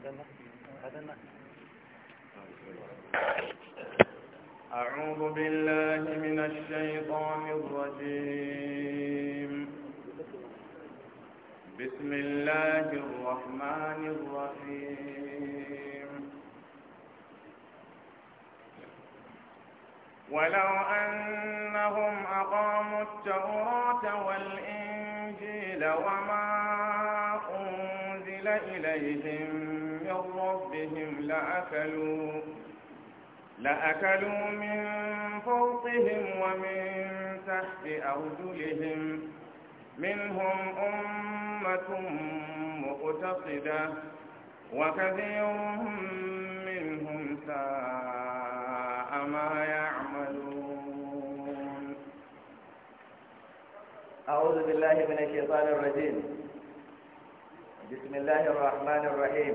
هذا هذا أعوذ بالله من الشيطان الرجيم بسم الله الرحمن الرحيم ولو أنهم أقاموا التوراة والإنجيل وما أنزل إليهم لأكلوا لأكلوا من فوقهم ومن تحت أرجلهم منهم أمة مقتصدة وكثير منهم ساء ما يعملون أعوذ بالله من الشيطان الرجيم بسم الله الرحمن الرحيم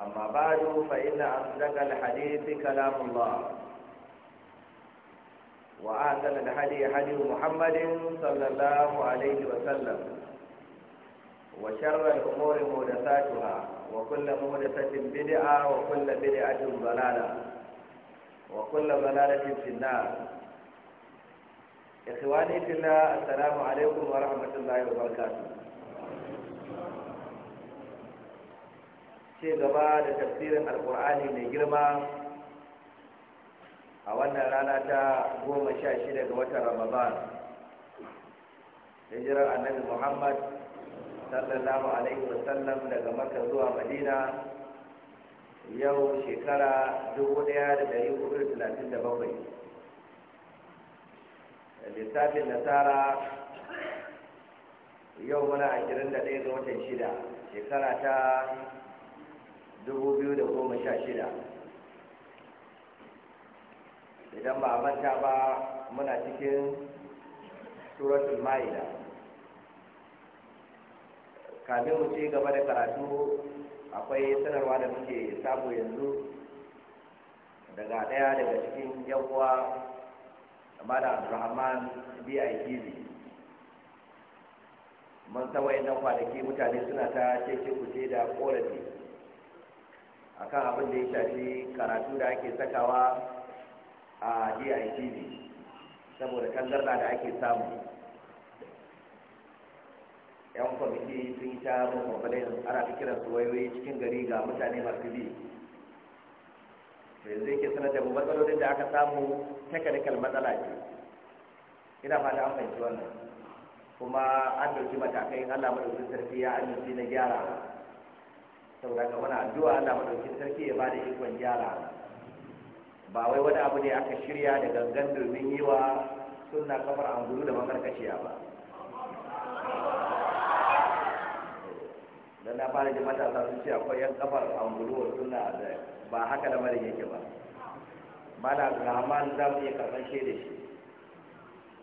أما بعد فإن أصدق الحديث كلام الله وأحسن الحديث حديث محمد صلى الله عليه وسلم وشر الأمور محدثاتها وكل محدثة بدعة وكل بدعة ضلالة وكل ضلالة في النار إخواني في الله السلام عليكم ورحمة الله وبركاته ce gaba da tafsirin alkur'ani mai girma a wannan rana ta goma sha shida ga watan ramadan hijirar annabi muhammad sallallahu alaihi wasallam daga maka zuwa madina yau shekara dubu ɗaya da dari hudu da talatin da bakwai lissafin nasara yau muna ashirin da ɗaya ga watan shida shekara ta shida. idan ba a manta ba muna cikin suratul ma'ida kamin mu ci gaba da karatu akwai sanarwa da muke samu yanzu daga daya daga cikin yawwa da abdulrahman biya mun san wayannan kwanaki mutane suna ta ce ce da korafi akan abin da ya shafi karatu da ake sakawa a DITV saboda kangarda da ake samu yan kwamiti sun yi ta mun ana fikiran su wayoyi cikin gari ga mutane masu bi yanzu yake sanar da mu matsalolin da aka samu technical matsala ce ina fata an fahimci wannan kuma an dauki matakai allah maɗaukin sarki ya amince na gyara saboda ga muna addu'a Allah madaukakin sarki ya bada ikon gyara ba wai wani abu ne aka shirya da gangan domin yi wa kafar kamar gudu da mamarkaciya ba dan na fara matasa sun ce akwai yan kafar gudu wa sunna ba haka da lamarin yake ba mana rahman za mu iya karɓar da shi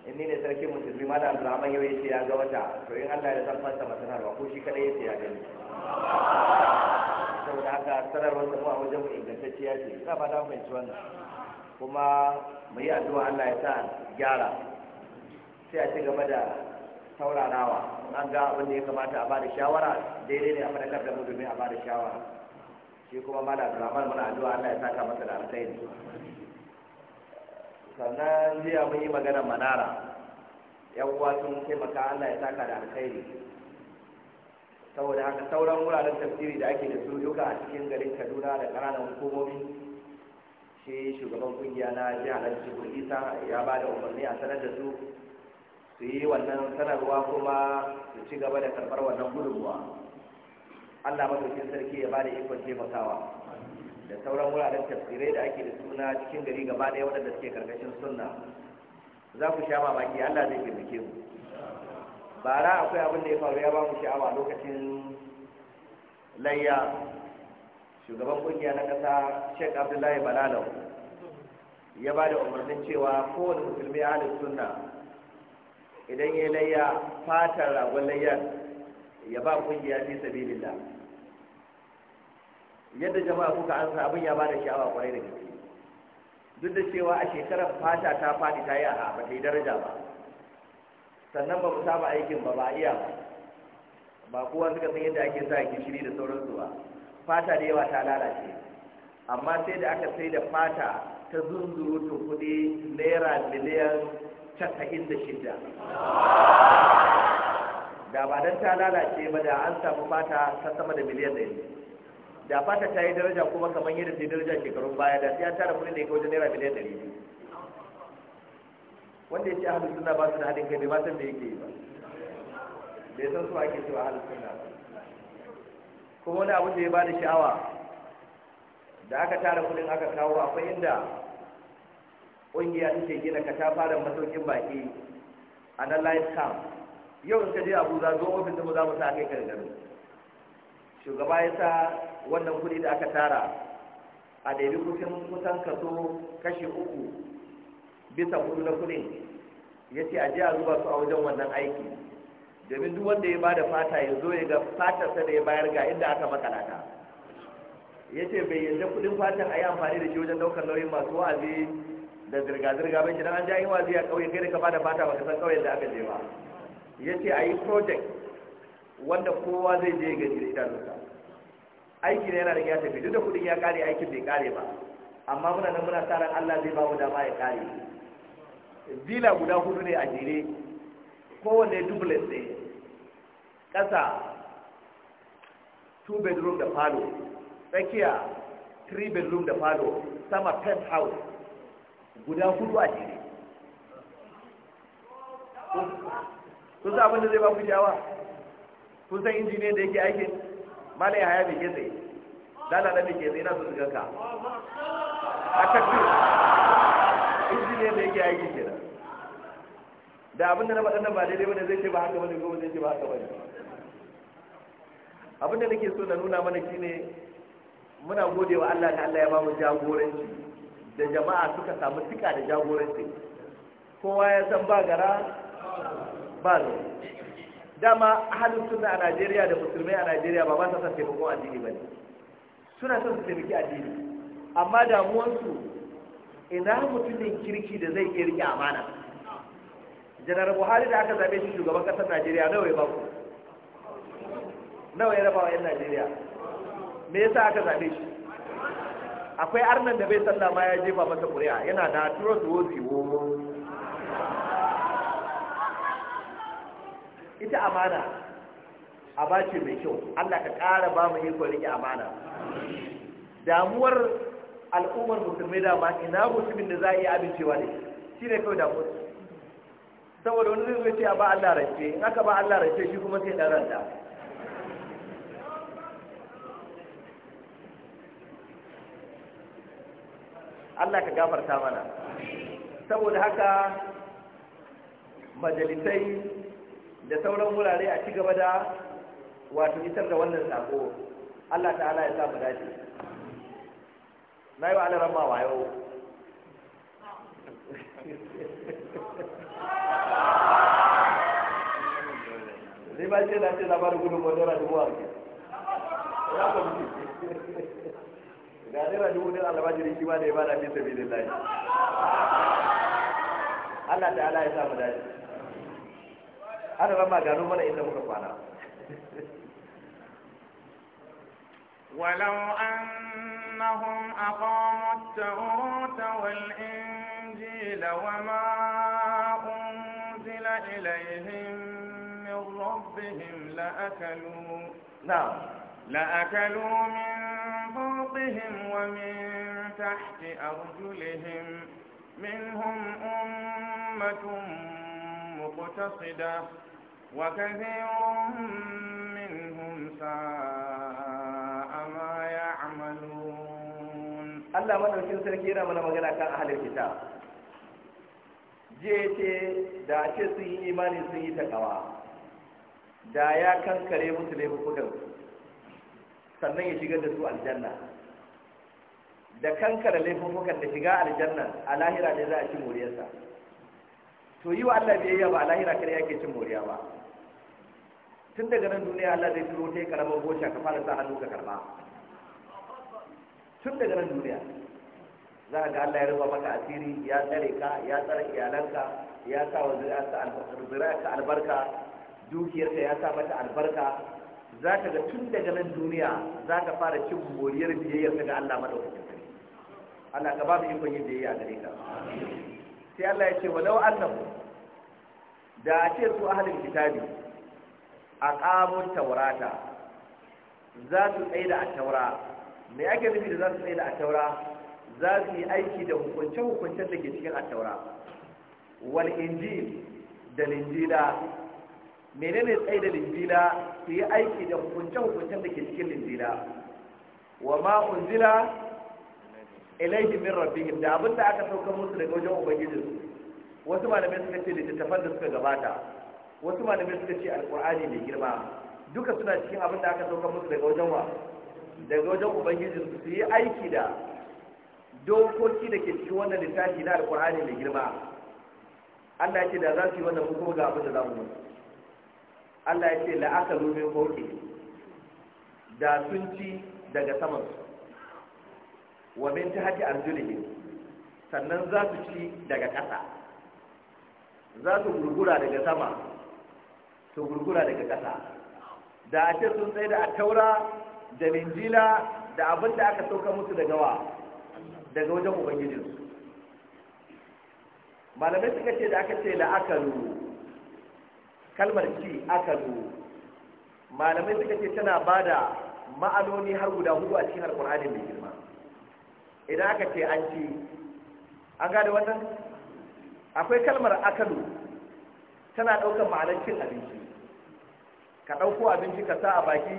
in ni ne sarkin musulmi ma da abdulrahman yau yace ya ga wata to in allah ya san fasa masararwa ko shi kadai yace ya gani saboda haka sanarwar mu a wajen mu ingantacciya ce ina ba ta fahimci wannan kuma mu yi addu'a allah ya sa gyara sai a ci gaba da sauranawa an ga abin da ya kamata a bada shawara daidai ne a fadakar da mu domin a bada shawara shi kuma mala abdulrahman muna addu'a allah ya sa ka masa da alkhairi sannan jiya mun yi magana manara yan uwa sun taimaka allah ya taka da alkhairi saboda haka sauran wuraren tafsiri da ake da su duka a cikin garin kaduna da ƙananan hukumomi shi shugaban kungiya na jihar aljihu isa ya ba da umarni a sanar da su su yi wannan sanarwa kuma su ci gaba da karɓar wannan gudunmuwa allah mafi sarki ya ba da ikon taimakawa da sauran wuraren tafsirai da ake da suna cikin gari gaba ɗaya waɗanda suke karkashin sunna za ku sha mamaki Allah zai taimake mu bara akwai abin da ya faru ya ba mu sha'awa lokacin layya shugaban kungiya na ƙasa Sheikh Abdullahi Balalau ya ba da umarnin cewa kowane musulmi ahalin sunna idan ya layya fatar ragon layyar ya ba kungiya fi sabilillah yadda jama'a kuka ansa abin ya bada sha'awa kwarai da gaske duk da cewa a shekarar fata ta faɗi ta yi a ba ta yi daraja ba sannan ba mu saba aikin ba ba iya ba ba kowa suka san yadda ake sa shiri da sauransu ba fata da yawa ta lalace amma sai da aka sai da fata ta ta kuɗi naira miliyan casa'in da shida da ba don ta lalace ba da an samu fata ta sama da miliyan ɗari da fata ta yi daraja kuma kamar yadda ta yi daraja shekarun baya da sai an tara kuɗin da ya kawo naira miliyan ɗari biyu wanda ya ce ahalin suna ba su da haɗin kai bai ba san me yake yi ba bai san su ake cewa ahalin suna ba kuma wani abin da ya bada sha'awa da aka tara kuɗin aka kawo akwai inda ƙungiya take gina katafaren masaukin baki a nan live camp yau in ka je abuja zo ofis mu za mu sa kai kan gari shugaba ya sa wannan kuɗi da aka tara a daidai kusan kusan kaso kashi uku bisa kudu na kudin ya ce a je a zuba su a wajen wannan aiki domin duk wanda ya ba da fata ya zo ya ga fatarsa da ya bayar ga inda aka makalata ya ce bai yadda kudin fatan a yi amfani da shi wajen ɗaukar nauyin masu wa'azi da zirga-zirga bai shi an ja yi wa'azi a ƙauye kai da ka ba da fata ba ka san ƙauyen da aka je ba ya ce a yi project wanda kowa zai je gaji da idanunsa aiki ne yana da ya tafi duk da kudin ya kare aikin bai kare ba amma muna nan muna tsarin Allah zai ba mu dama ya kare zila guda hudu ne a jere kowane dublin ne ƙasa two bedroom da falo tsakiya three bedroom da falo sama penthouse guda hudu a jere Kusa abinda da zai ba ku jawa kun san injiniyan da yake aikin malai haya bai ke tsaye lalata bai ke tsaye na su ganka a takbir injiniyan da yake aiki ke da abin da na faɗa nan ba daidai wanda zai ce ba haka wani, ko zai ce ba haka wani. abin da nake so na nuna mana shine muna gode wa Allah da Allah ya bamu jagoranci da jama'a suka samu tika da jagoranci kowa ya san ba gara ba zo dama ahalin sunna a najeriya da musulmai a najeriya ba ba sa son taimakon addini ba ne suna son su taimaki addini amma damuwansu ina mutumin kirki da zai iya riƙe amana janar buhari da aka zaɓe shi shugaban ƙasar najeriya nawa ya baku nawa ya raba wa 'yan najeriya me yasa aka zaɓe shi akwai arnan da bai sallama ya jefa masa ƙuri'a yana da turo wofi ita amana a ce mai kyau Allah ka ƙara ba mu iko rike amana damuwar al'ummar musulmi da ma ina musulmin da za a iya amincewa ne shi ne kawai damuwar saboda wani zai ce ba Allah rance in aka ba Allah rance shi kuma sai dan ranta Allah ka gafarta mana saboda haka majalisai da sauran wurare a ci gaba da wato isar da wannan sako Allah ta'ala ya samu dace na yi wa ramma wa yau zai ba ce na ce na bada gudun madara dubu a ke ya ka mutu ga nera dubu ɗin almajirin shi ma da ya bada fi sabi lillahi Allah ta'ala ya samu dace ana rama gano mana inda muka kwana ولو أنهم أقاموا التوراة والإنجيل وما أنزل إليهم من ربهم لأكلوا نعم لأكلوا من فوقهم ومن تحت أرجلهم منهم أمة مقتصدة وكثير منهم ساء ما يعملون الله ما نمكن سنكيرا من مغلا كان أهل الكتاب jece da ce sun yi imani sun yi takawa da ya kankare musu laifukansu sannan ya shigar da su aljanna da kankare laifukan da shiga aljanna a lahira ne za a ci moriyarsa to yi wa Allah biyayya ba lahira kare yake cin moriya ba tun daga nan duniya Allah zai turo ta yi karamar ka fara sa hannu ka karba tun daga nan duniya za ga Allah ya rufa maka asiri ya tsare ka ya tsare iyalanka ya sa wa zuri'arka albarka dukiyarka ya sa mata albarka za ka ga tun daga nan duniya za ka fara cin moriyar biyayya ga Allah madaukakin sarki Allah ka ba mu ikon yin biyayya gare ka sai Allah ya ce walau annahu da a ce su ahlul kitabi ƙamun tawrata za su tsaye da taura me ake nufi da za su tsaye da taura za su yi aiki da hukunce hukuncen da ke cikin taura wal injil da linjila menene tsaye da linjila su yi aiki da hukunce hukuncen da ke cikin linjila wa ma unzila ilaihi min rabbihim da abin da aka saukar musu daga wajen ubangijin wasu malamai suka ce littattafan da suka gabata wasu malamai suka ce alqur'ani mai girma duka suna cikin abin da aka saukar musu daga wajen wa daga wajen ubangijin su yi aiki da dokoki da ke cikin wannan littafi na alqur'ani mai girma Allah ya ce da za su yi wannan ko ga abin da za mu musu Allah ya ce la'akalu min fawqi da sun ci daga samansu wa min tahti arjulihim sannan za su ci daga ƙasa za su gurgura daga sama su gurgura daga ƙasa da ake sun tsaye da taura da linjila da abin da aka sauka musu daga wa daga wajen ubangijinsu malamai suka ce da aka ce la'akalu kalmar ci akalu malamai suka ce tana ba da ma'anoni har guda hudu a cikin alkur'ani mai girma idan aka ce an ci an gada wannan akwai kalmar akalu tana ɗaukar ma'anar cin abinci ka ɗauko abinci ka sa a baki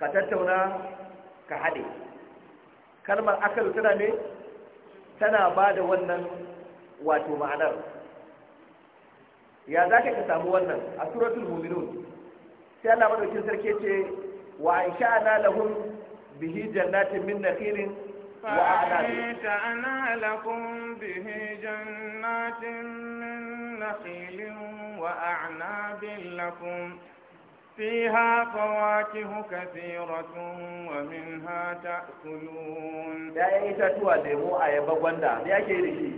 ka tattauna ka haɗe kalmar akalu tana ne tana ba da wannan wato ma'anar ya za ka samu wannan a suratul muminun sai Allah madaukin sarki ce wa in sha'ana lahum bihi jannatin min nakhirin فأنبتنا لكم به جنات من نخيل وأعناب لكم فيها فواكه كثيرة ومنها تأكلون يا إيتا توا مو آية بغواندا يا كيري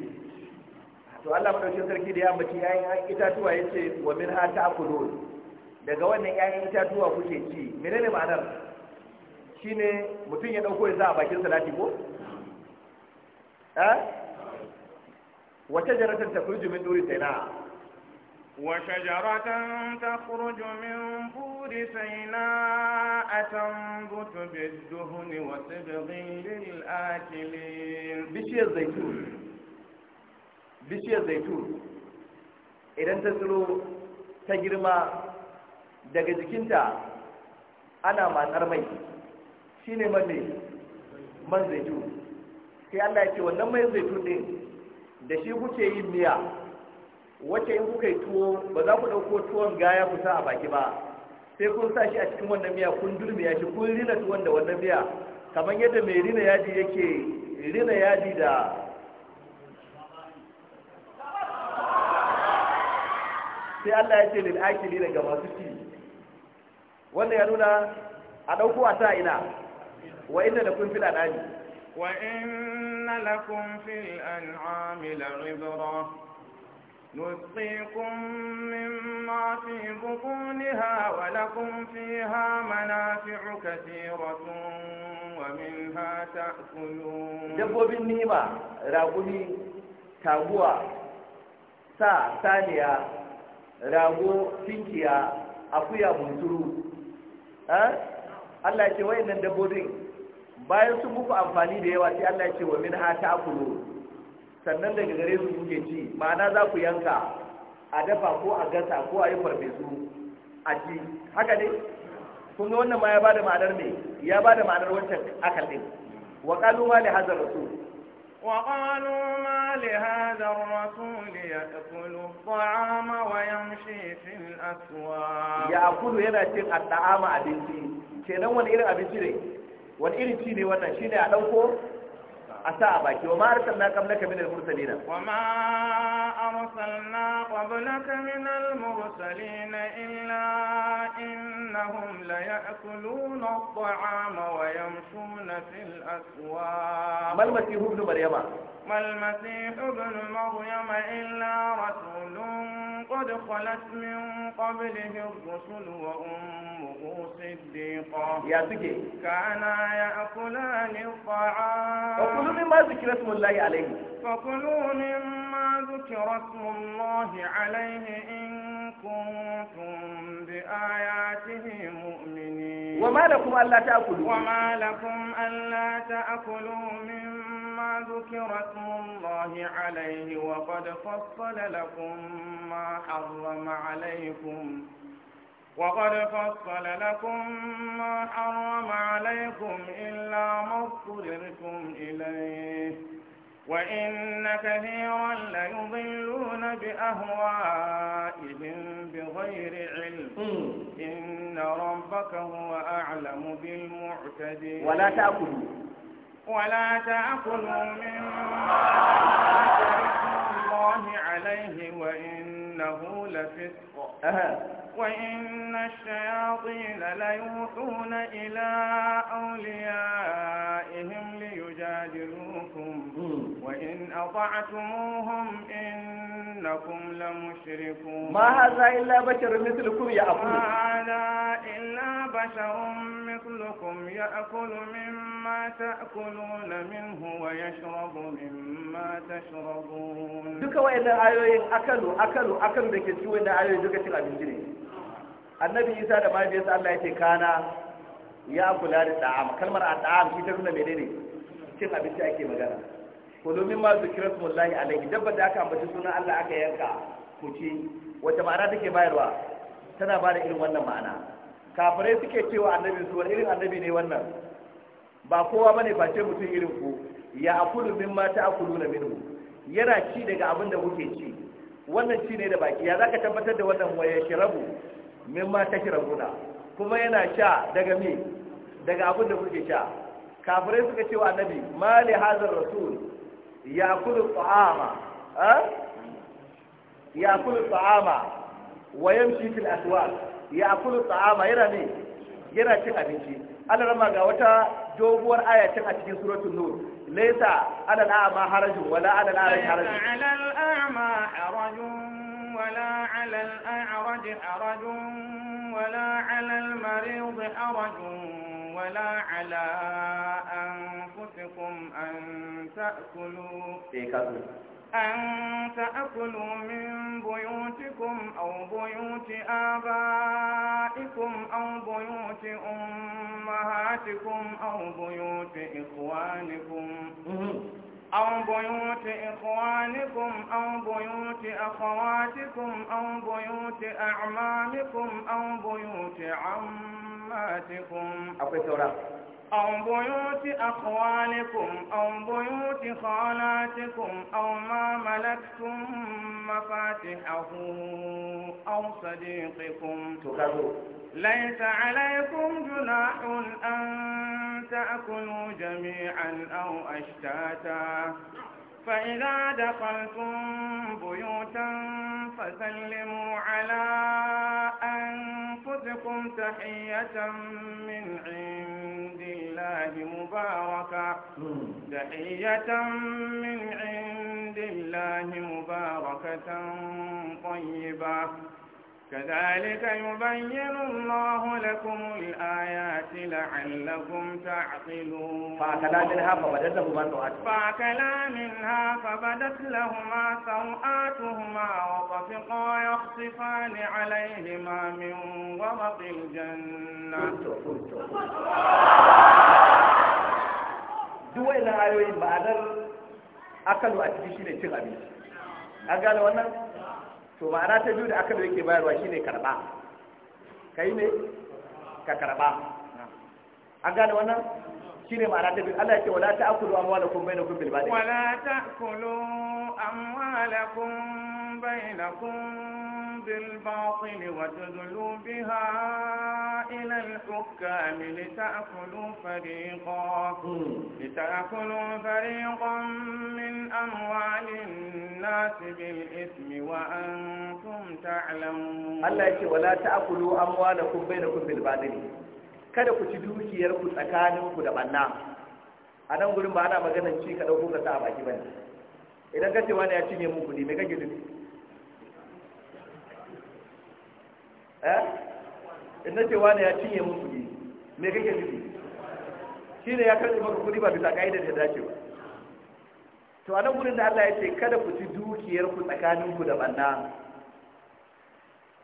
to Allah madaukakin sarki da ya ambaci ƴaƴan itatuwa yace wa min ha ta'kulun daga wannan ƴaƴan itatuwa kuke ci menene ma'anar Shine mutum ya ɗauko ya za a bakin lati ko? Eh? wace jaratar ta kurji min duri saina wace jaratar ta kurji min buri saina a can butu bi duhu ne wasu birnin lil'akili bishiyar zaitu bishiyar zaitu idan ta tsiro ta girma daga jikinta ana matsar mai shi man ne man zaitun sai Allah ya ce wannan mai zaitu din da shi kuke yin miya wacce in kuka yi tuwo ba za ku ɗauko tuwon gaya ku sa a baki ba sai kun sa shi a cikin wannan miya kun ya shi kun rina tuwon da wannan miya kamar yadda mai rina yadi yake rina yadi da sai Allah ya ce lil akili daga masu ci wannan ya nuna a ɗauko a sa ina Wa ina lafun fil al'adu? Wa ina lafun fil al'adu? Musqi kun min ma fi bukuni hawa lafun fi hama na, fi cu ka je wasu, ma min ha ta kunu. sa Saniya, Rago, Finkia, Akuya, Bunturu. Eh? Allah ya ce wayannan dabbobin bayan sun muku amfani da yawa sai Allah ya ce wa min ha kulu sannan daga gare su kuke ci ma'ana za ku yanka a dafa ko a gasa ko a yi farfesu a ci haka ne kun ga wannan ma ya bada ma'anar ne ya bada ma'anar wancan akal din wa qalu ma li hadha rasul وقالوا ما لهذا الرسول يأكل الطعام ويمشي في الأسواق يأكل هنا شيء الطعام أبنتي كنا وان إير أبنتي وان إير تيني وانا شيني أدوكو أصابك وما أرسلنا قبلك من المرسلين إلا إنهم ليأكلون الطعام ويمشون في الأسواق ما المسيح مريم إلا رسول قد خلت من قبله الرسل وأمه صديقة يا سكي كانا يأكلان الطعام فكلوا مما ذكر اسم الله عليه فكلوا مما ذكر اسم الله عليه إن كنتم بآياته مؤمنين وما لكم ألا تأكلوا وما لكم ألا تأكلوا من ذكر اسم الله عليه وقد فصل لكم ما حرم عليكم وقد فصل لكم ما حرم عليكم إلا ما اضطررتم إليه وإن كثيرا ليضلون بأهوائهم بغير علم إن ربك هو أعلم بالمعتدين ولا تأكلوا ولا تأكلوا مما شركوا الله عليه وإن إنه لفسق وإن الشياطين ليوحون إلى أوليائهم ليجادلوكم وإن أطعتموهم إنكم لمشركون ما هذا إلا بشر مثلكم يأكل ما هذا إلا بشر مثلكم يأكل مما تأكلون منه ويشرب مما تشربون duka إذا آية أكلوا أكلوا أكلوا akan da ke ciwon da ayoyi duka cin abinci ne annabi isa da mahaifiyarsa allah ya ce kana ya kula da da'am kalmar a da'am ita nuna menene cin abinci ake magana ko domin ma zikirar mullahi alaihi dabbar da aka ambaci sunan allah aka yanka ku ci wata ma'ana take bayarwa tana ba da irin wannan ma'ana kafirai suke cewa annabi su wani irin annabi ne wannan ba kowa bane ce mutum irin ku ya akulu min ma ta akulu na minhu yana ci daga abin da kuke ci wannan shi ne da baki ya zaka tabbatar da wannan waya shirabu mimma na. kuma yana sha daga me daga abin da kuke sha kafirai suka ce wa annabi mali hazar rasul yakulu ta'ama ha yakulu ta'ama wa yamshi fil aswaq yakulu ta'ama yana ne yana cin abinci Allah rama ga wata doguwar aya a cikin suratul nur ليس على الأعمى حرج ولا على الأعرج حرج على الأعمى حرج ولا على الأعرج حرج ولا على المريض حرج ولا على أنفسكم أن تأكلوا أن تأكلوا من بيوتكم أو بيوت آبائكم أو بيوت أمهاتكم أو بيوت إخوانكم أو بيوت إخوانكم أو بيوت أخواتكم أو بيوت أعمامكم أو بيوت عماتكم أو بيوت أخوانكم أو بيوت خالاتكم أو ما ملكتم مفاتحه أو صديقكم ليس عليكم جناح أن تأكلوا جميعا أو أشتاتا فإذا دخلتم بيوتا فسلموا على أنفسكم تحية من عند الله مباركة تحية من عند الله مباركة طيبة كذلك يبين الله لكم الآيات لعلكم تعقلون فأكلا منها فبدت لهما سوآتهما فأكلا منها فبدت لهما سوآتهما وطفقا يخصفان عليهما من ورق الجنة duk wa'in ayoyin ma'anar akalu a cikin shi ne cin abinci an gane wannan to ma'ana ta biyu da aka da yake bayarwa shine karba kai ne ka karba an gane wannan shine ma'ana ta biyu Allah ya ce wala ta'kulu amwalakum bainakum bil batil wala ta'kulu amwalakum bainakum بالباطل وتدلوا بها إلى الحكام لتأكلوا فريقا لتأكلوا فريقا من أموال الناس بالإثم وأنتم تعلمون الله يقول ولا تأكلوا أموالكم بينكم بالباطل kada ku ci dukiyarku tsakaninku da banna a nan gurin ba ana maganar ci ka ɗauko ka sa a baki ba idan ka ce wani ya cinye mun kuɗi me kake nufi eh in nace ne ya cinye mun kuɗi me kake nufi ne ya karɓi maka kuɗi ba bisa ka'idar da dace ba to a nan gurin da Allah ya ce kada ku ci dukiyar ku tsakanin ku da banna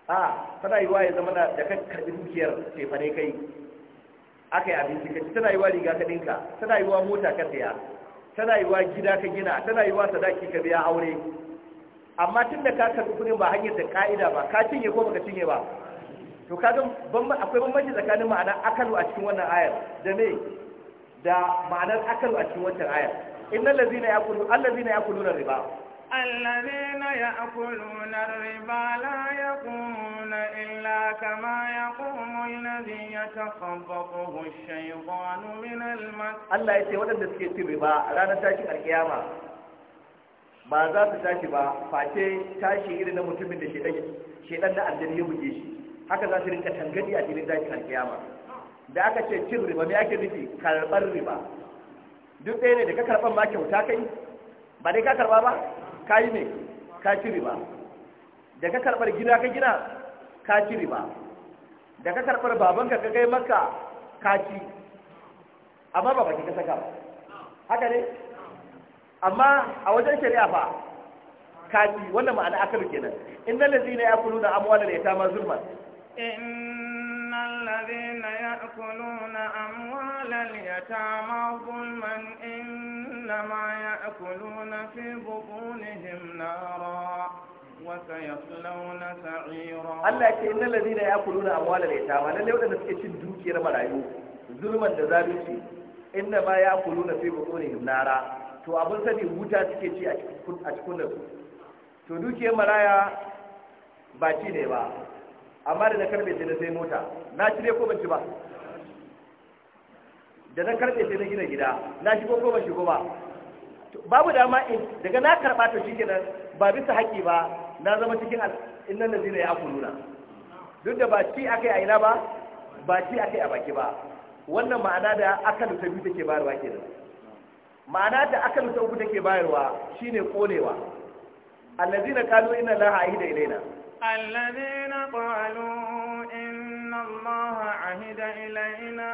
a tana yiwa ya zama da kan karɓi dukiyar ce fa ne kai aka yi abinci ka ci tana yiwa riga ka ɗinka tana yiwa mota ka saya tana yiwa gida ka gina tana yiwa sadaki ka biya aure amma tun da ka karɓi kuɗin ba hanyar da ka'ida ba ka cinye ko baka cinye ba to kaga akwai bambanci tsakanin ma'anar akalu a cikin wannan ayar da me da ma'anar akalu a cikin wancan ayar innal ladzina yaqulu allazina yaquluna riba la yaquluna illa kama يقومون alladhi كما ash-shaytanu min al-mas Allah yace wadanda suke cin riba ranar tashin alkiyama ba za su tashi ba face tashi irin na mutumin da shedan na aljani ya buge shi haka za su rinka tangadi a filin daji alkiyama da aka ce cin riba me ake nufi karɓar riba duk ɗaya ne da ka karɓar ma kyauta kai ba dai ka karɓa ba ka yi ne ka ci riba da ka karɓar gida ka gina ka ci riba da ka karɓar babanka ka kai maka ka ci amma ba baki ka saka ba haka ne amma a wajen shari'a fa kaji wannan ma'ana aka akal kenan innal ladina ya'kuluna amwalal yatama zulman innal ladina ya'kuluna amwalal yatama zulman inna ma ya'kuluna fi butunihim nara wa sayaslawna sa'ira Allah ce innal ladina ya'kuluna amwalal yatama lalle wadanda suke cin dukiyar marayu zulman da zalunci inna ma ya'kuluna fi butunihim nara to abin sani wuta suke ci a cikin su to dukiyar maraya ba ci ne ba amma da na karbe sai na sai mota na ci ne ko ban ci ba da na karbe sai na gina gida na shigo ko ban shigo ba babu dama in daga na karba to nan, ba bisa haƙi ba na zama cikin innan da zina ya nuna. duk da ba ci akai a ina ba ba ci akai a baki ba wannan ma'ana da akalu ta biyu take bayarwa kenan ma'ana da aka ta uku take bayarwa shine konewa allazina qalu inna allaha ahida ilaina allazina qalu inna allaha ahida ilaina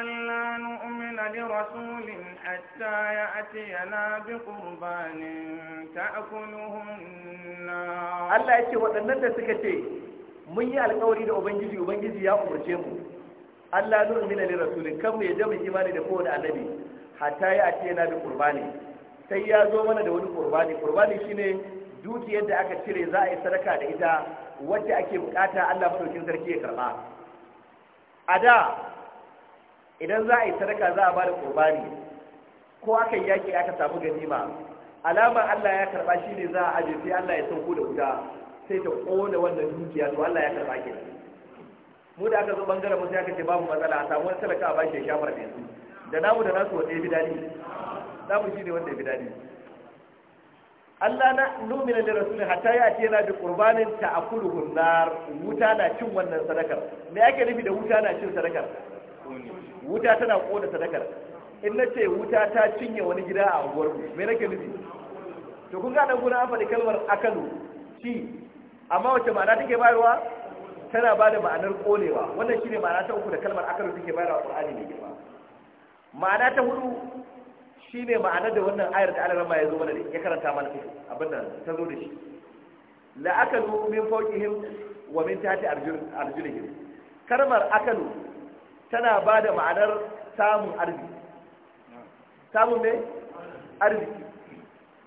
alla nu'mina li rasulin hatta ya'tiyana bi qurbanin ta'kuluhunna Allah yace waɗannan da suka ce mun yi alƙawari da ubangiji ubangiji ya umurce mu Allah nu'mina li rasulin kan mu ya jami imani da kowane annabi hatta ya ce yana da kurbani, sai ya zo mana da wani kurbani. Kurbani shine dukiyar da aka cire za a yi sadaka da ita wacce ake bukata Allah madaukin sarki ya karba a da idan za a yi sadaka za a bada kurbani, ko aka yaki aka samu ganima alama Allah ya karba shine za a aje sai Allah ya sauko da wuta sai ta kona wannan dukiya to Allah ya karba ki mu da aka zo bangaren mu sai aka ce babu matsala a samu wani talaka a bashi ya shafar da yanzu da namu da nasu wanda ya fi daɗi namu shi ne wanda ya fi daɗi Allah na numina da rasulun hatta ya ce yana da qurbanin ta'akuluhun nar wuta na cin wannan sadakar me ake nufi da wuta na cin sadakar wuta tana koda sadakar in na ce wuta ta cinye wani gida a unguwar mu me nake nufi to kun ga nan guna an faɗi kalmar akalu ci amma wace ma'ana take bayarwa tana ba da ma'anar kolewa wannan shine ma'ana ta uku da kalmar akalu take bayarwa a Qur'ani ne girma ma'ana ta hudu shine ma'ana da wannan ayar da alama ya zo mana da ya karanta mana abin da ta zo da shi la akalu min fawqihim wa min tahti arjulihim karmar akalu tana ba da ma'anar samun arziki samun ne arziki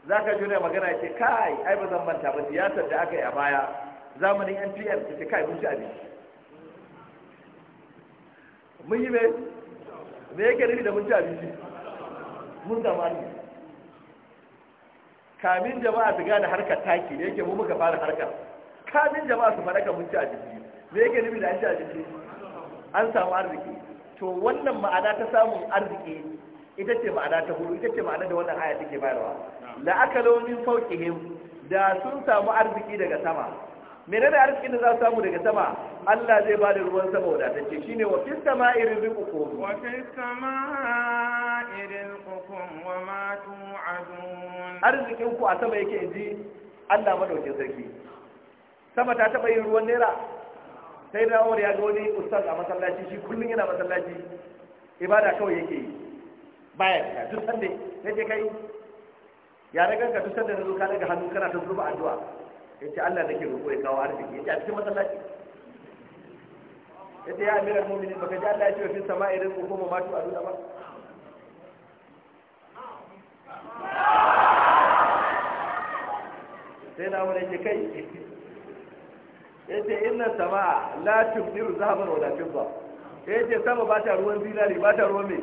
za ka juna magana ya ce kai ai ba zan manta ba siyasar da aka yi a baya zamanin npr ta ce kai mun ci abinci mun yi mai me yake nufi da mun ci abinci mun zama ne kamin jama'a su gane harkar taki ne yake mu muka fara harkar kamin jama'a su faɗaka mun ci abinci me yake nufi da an ci abinci an samu arziki to wannan ma'ana ta samun arziki ita ce ma'ana ta hudu ita ce ma'ana da wannan aya take bayarwa la akalu min fawqihim da sun samu arziki daga sama menene arzikin da za a samu daga sama Allah zai ba da ruwan sama wadatacce shine wa sama irin rizqukum wa sama irin rizqukum wa ma tu'adun arzikin ku a sama yake inji Allah madaukin sarki sama ta taba yin ruwan naira sai da Umar ya ga wani ustaz a masallaci shi kullun yana masallaci ibada kawai yake yi baya fita duk sanda yake kai ya daga ka duk sanda na zo ka daga hannu kana ta zuba addu'a ya ce Allah nake ke roƙo ya kawo arziki ya ce a cikin masallaci ya ce ya amiran mumini baka ji Allah ya ce wa fi sama irin ko kuma matu a duna ba sai na wani ke kai ya ce inna sama la tubdiru zahaban wa la fidda ya ce sama ba ta ruwan zinari ba ta ruwan me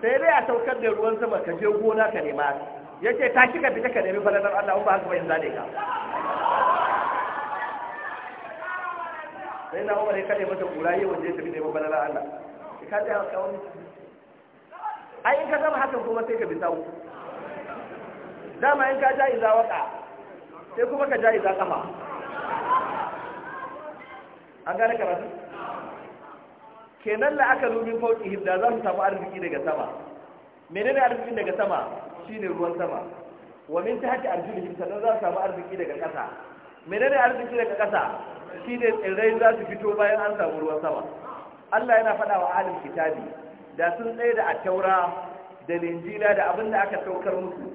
sai dai a saukar da ruwan sama ka je gona ka nema ya ce ta kika fita ka nemi falalar Allah ba haka ba in zane ka sai na umar ya kaɗe mata kura yi wanda ya tafi neman balala Allah ka kaɗe a kawai ai in ka zama hakan kuma sai ka bi sawu dama in ka ja ja'iza waka sai kuma ka ja ja'iza kafa an gane karatu kenan la aka lumin fauki hidda za su samu arziki daga sama menene arziki daga sama shine ruwan sama wa min tahti arjulihim sannan za su samu arziki daga ƙasa menene arziki daga ƙasa shi ne tsirrai za su fito bayan an samu ruwan sama Allah yana faɗa wa alim kitabi da sun tsaye da ataura da linjila da abin da aka saukar musu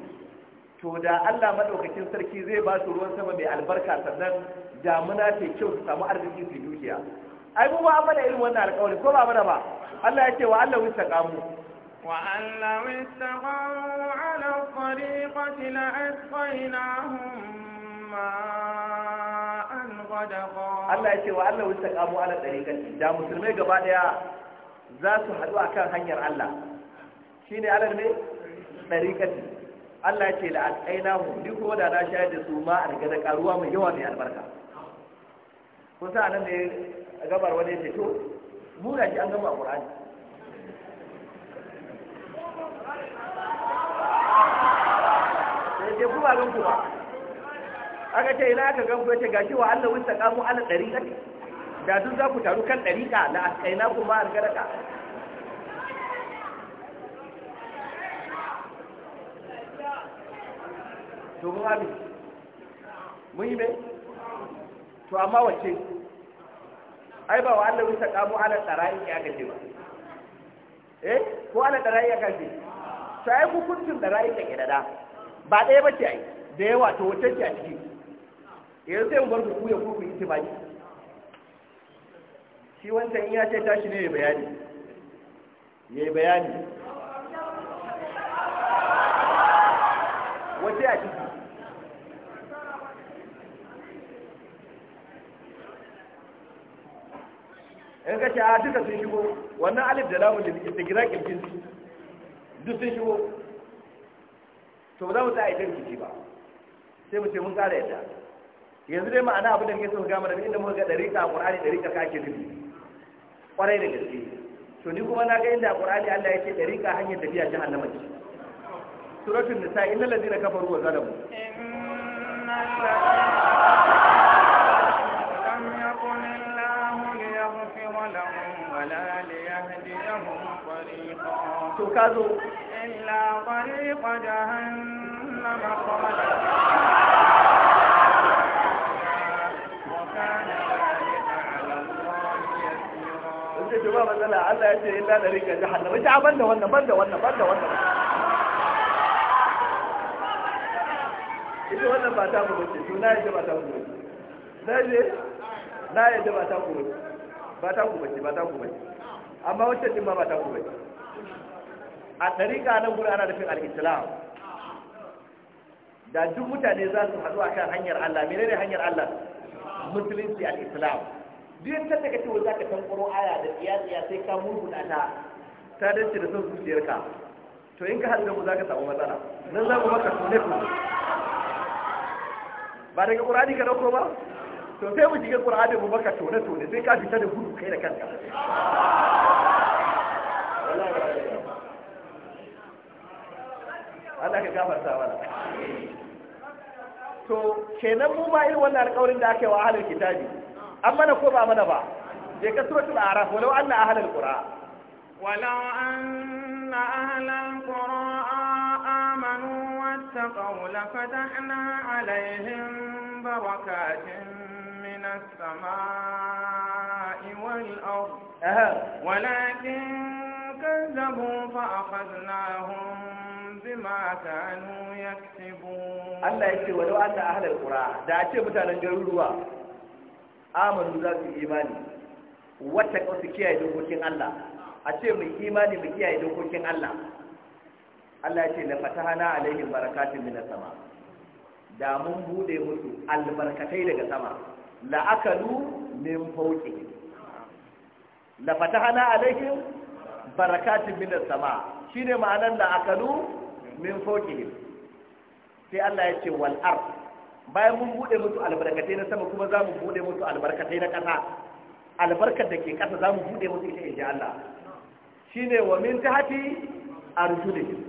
to da Allah maɗaukakin sarki zai ba su ruwan sama mai albarka sannan damuna ce kyau su samu arziki su dukiya ai mu ba an mana irin wannan alƙawari ko ba mana ba Allah ya ce wa Allah wista kamu wa Allah wista kamu ala tariqati la Allah ya ce wa Allah wuce kamo ala ɗariƙati da musulmai gaba ɗaya za su haɗu a kan hanyar Allah shi ne alal ne ɗari ɗariƙati Allah ya ce la'aƙaina mu duk ko da na shayar da su ma a riga da ƙaruwa mai yawa mai albarka kun sa nan ne gabar wani ya ce to mu da shi an gama a ƙur'ani sai ce aka ce ina aka gan ku yace gashi wa Allah wista kamu ala dariqa da duk za ku taru kan dariqa la askaina ku ma an to ba abi mun yi me to amma wace ai ba wa Allah wista kamu ala tsara'i ya gaje ba eh ko ala dariqati aka ce sai ku kuntun tsara'i ke da ba ɗaya ba ce ai da yawa to wace ce a ciki yanzu sai mu bar ku ya ku yi tibaki shi wancan iya ya ce tashi ne ya bayani ya yi bayani wace a ciki in ka ce a ah, duka sun shigo wannan alif da lamun da gira kirkin su duk sun shigo to ba za mu sa a yi rikici ba sai mu ce mun kara yadda yanzu dai ma'ana abu da kake gama da mana inda muka ga dariƙa ta Qur'ani dariƙa ka ake nufi kwarai da gaske to ni kuma na ga inda a Qur'ani Allah ya ce ka hanyar tafiya jahannama ce suratul nisa innal ladina kafaru wa zalamu innal lam yakun illahu liyaghfira lahum wa la liyahdiyahum tariqa to kazo illa tariqa jahannama qala ba matsala Allah ya ce illa da rika jahannam ita ah, ban da wannan ban wannan ban wannan ita wannan ba ta kuma ce na yadda ba ta kuma ce na je na yadda ba ta kuma ce ba ta kuma ce ba ta kuma ce amma wacce din ma ba ta kuma ce a ɗariƙa nan gudu ana nufin al'islam, da duk mutane za su haɗu a kan hanyar Allah menene hanyar Allah musulunci al-islam duk ta daga cewa za ka tankwaro aya da tsiya sai ka murguna ta ta dace da son ka, to in ka haɗu mu za ka samu matsala nan za ku maka sune ku ba daga ƙurani ka dauko ba to sai mu shiga ƙurani mu maka tone-tone sai ka fita da gudu kai da kanka Allah ka gafarta mana to kenan mu ma irin wannan alƙawarin da aka yi wa ahlul kitabi أمنا كوبا أمنا با دي كسرة الأعراف ولو أن أهل القرى ولو أن أهل القرى آمنوا واتقوا لفتحنا عليهم بركات من السماء والأرض أه. ولكن كذبوا فأخذناهم بما كانوا يكسبون الله يكسب ولو أن أهل القرى دعتي بتاع الجرور amanu za su imani wata su kiyaye dokokin Allah a ce mai imani mu kiyaye dokokin Allah Allah ya ce la fatahana alaihim barakatun minas sama da mun bude musu albarkatai daga sama la akalu min fawqihim la fatahana alaihim barakatun minas sama shine ma'anar la akalu min fawqihim sai Allah ya ce wal bayan mun bude musu albarkatai na sama kuma za mu bude musu albarkatai na ƙasa albarkar da ke ƙasa za mu bude musu ita inji Allah Shi ne wa min ta tahti arjulihim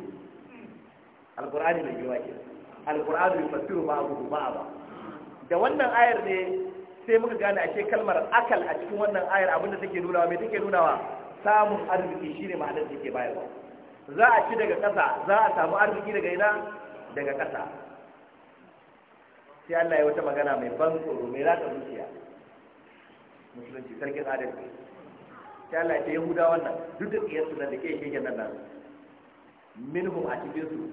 alƙur'ani mai yiwa ke mai ba abu ba ba. da wannan ayar ne sai muka gane ashe kalmar akal a cikin wannan ayar abinda take nunawa me take nunawa samun arziki shine ma'anar take bayarwa za a ci daga ƙasa za a samu arziki daga ina daga ƙasa sai Allah ya wata magana mai ban tsoro mai ratsa zuciya musulunci sarkin adalci sai Allah ya ce yahuda wannan duk da tsiyarsu nan da ke yake nan nan minhum a cikin su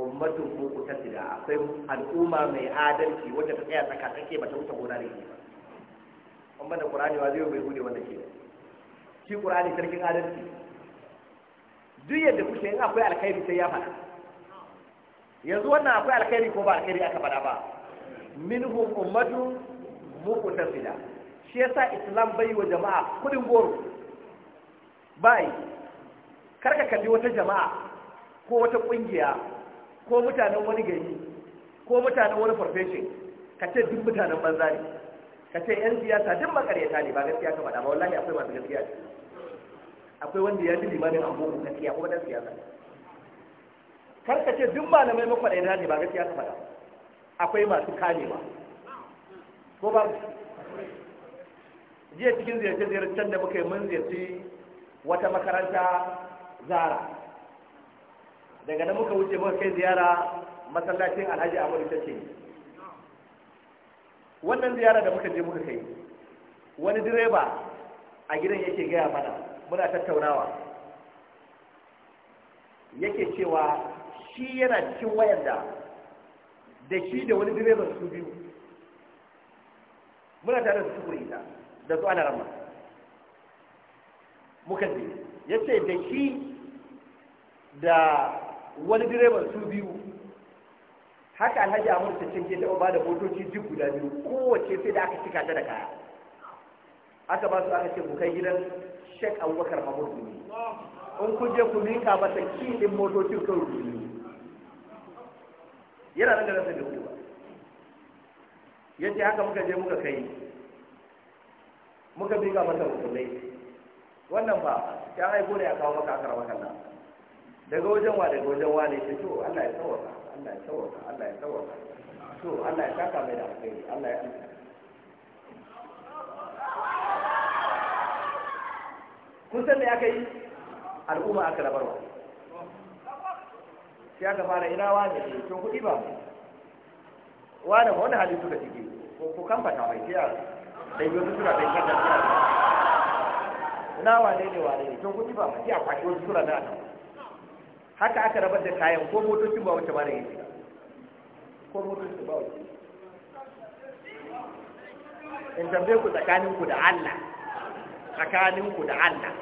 ummatun da akwai al'umma mai adalci wadda ta tsaya tsaka take ba ta wuce gona da ke ba amma da qur'ani wa zai bai hude wanda ke shi qur'ani sarkin adalci duk yadda kuke yin akwai alkhairi sai ya faɗa yanzu wannan akwai alkhairi ko ba alkhairi aka faɗa ba minhum ummatun muqtasida shi yasa islam bai wa jama'a kudin goro bai karka kalli wata jama'a ko wata kungiya ko mutanen wani gari ko mutanen wani profession ka ce duk mutanen banza ne ka ce yan siyasa duk makaryata ne ba gaskiya ka faɗa ba wallahi akwai masu gaskiya ne akwai wanda ya ji limanin abubu gaskiya ko dan siyasa karka ce duk malamai makwaɗaita ne ba gaskiya ka faɗa ba akwai masu kamewa ko ba jiya cikin ziyarce-ziyarcen da muka yi mun ziyarci wata makaranta zara daga da muka wuce muka kai ziyara masallacin alhaji amur ta ce wannan ziyara da muka je muka kai wani direba a gidan yake gaya mana muna tattaunawa yake cewa shi yana cikin wayanda da shi da wani direban su biyu muna tare da sukur ita da su ana rama muka ce ya ce da shi da wani direban su biyu haka alhaji a ta cin taɓa ba da motoci duk guda biyu kowace sai da aka cika ta da kaya aka ba su aka ce ku kai gidan shek abubakar ne in kun je ku mika masa kilin motocin kan rubutu yana nan garin sa bai gudu ba yace haka muka je muka kai muka bi ga mata wannan ba ya aiko ne ya kawo maka akara maka nan daga wajen wa daga wajen wa ne ta to Allah ya tsawata Allah ya tsawata Allah ya tsawata to Allah ya saka mai da kai, Allah ya amsa kun san me aka yi al'umma aka rabarwa ya aka fara ina wa ne to kuɗi ba wani wani hali suka ciki ko ku kamfata mai sai a yi wasu yi ɗan kan tafiya na wane ne wa ne to kuɗi ba mu? a kwashe wasu tura na nan haka aka rabar da kayan ko motocin ba wacce ba da yake ko motocin ba wacce in tambaye ku tsakaninku da Allah tsakaninku da Allah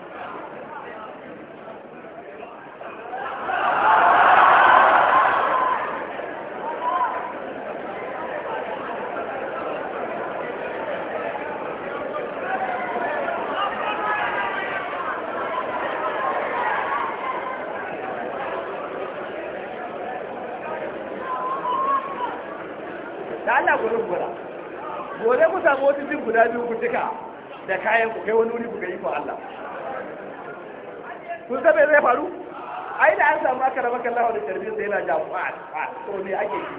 duka da kayan ku kai wani wuri ku ga ikon Allah kun zabe zai faru ai da an samu aka raba Allah da tarbiyya sai yana ja ba kwat to ne ake yi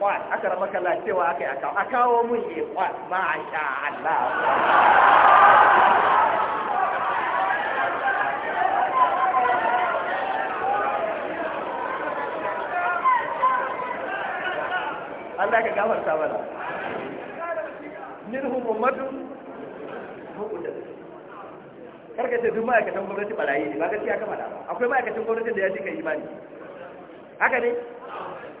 ba aka raba Allah cewa aka yi aka kawo mun yi ba ma sha Allah Allah ka gafarta mana minhum ummatun muqtasid karka ce duk ma'aikatan gwamnati barayi ne ba gaskiya kama da ba akwai ma'aikatan gwamnati da ya ce ka imani haka ne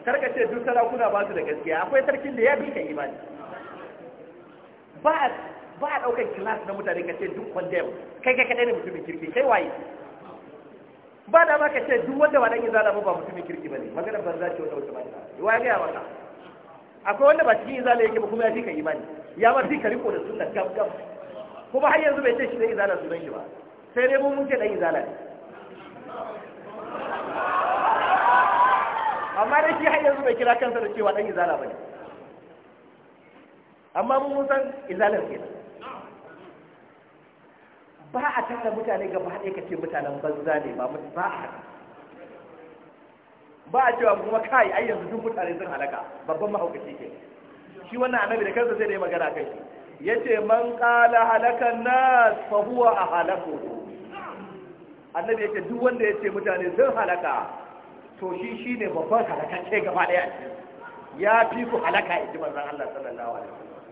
karka ce duk sarakuna ba su da gaskiya akwai sarkin da ya bi ka imani ba a ba a daukar na mutane ka ce duk wanda kai ka kadai ne mutumin kirki kai waye ba da ma ka ce duk wanda ba dan izala ba ba mutumin kirki bane magana banza ce wanda wata ba ta waye ga ya maka akwai wanda ba cikin izala yake ba kuma ya fi kai imani ya bar duka riko da sunna gab gab kuma har yanzu bai ce shi zai izala sunan shi ba sai dai mun muke ce dan izala ne amma dai shi har yanzu bai kira kansa da cewa dan izala bane amma mun mun san izalar kenan ba a tara mutane gaba haɗe ka ce mutanen banza ne ba ba a ba a cewa kuma kai ai yanzu duk mutane sun halaka babban mahaukaci ke shi wannan annabi da kansa zai da magana kai yace man qala halakan nas fa huwa annabi duk wanda yace mutane zan halaka to shi shine babban halakacce gaba daya ya fi ku halaka inji manzon Allah sallallahu alaihi wasallam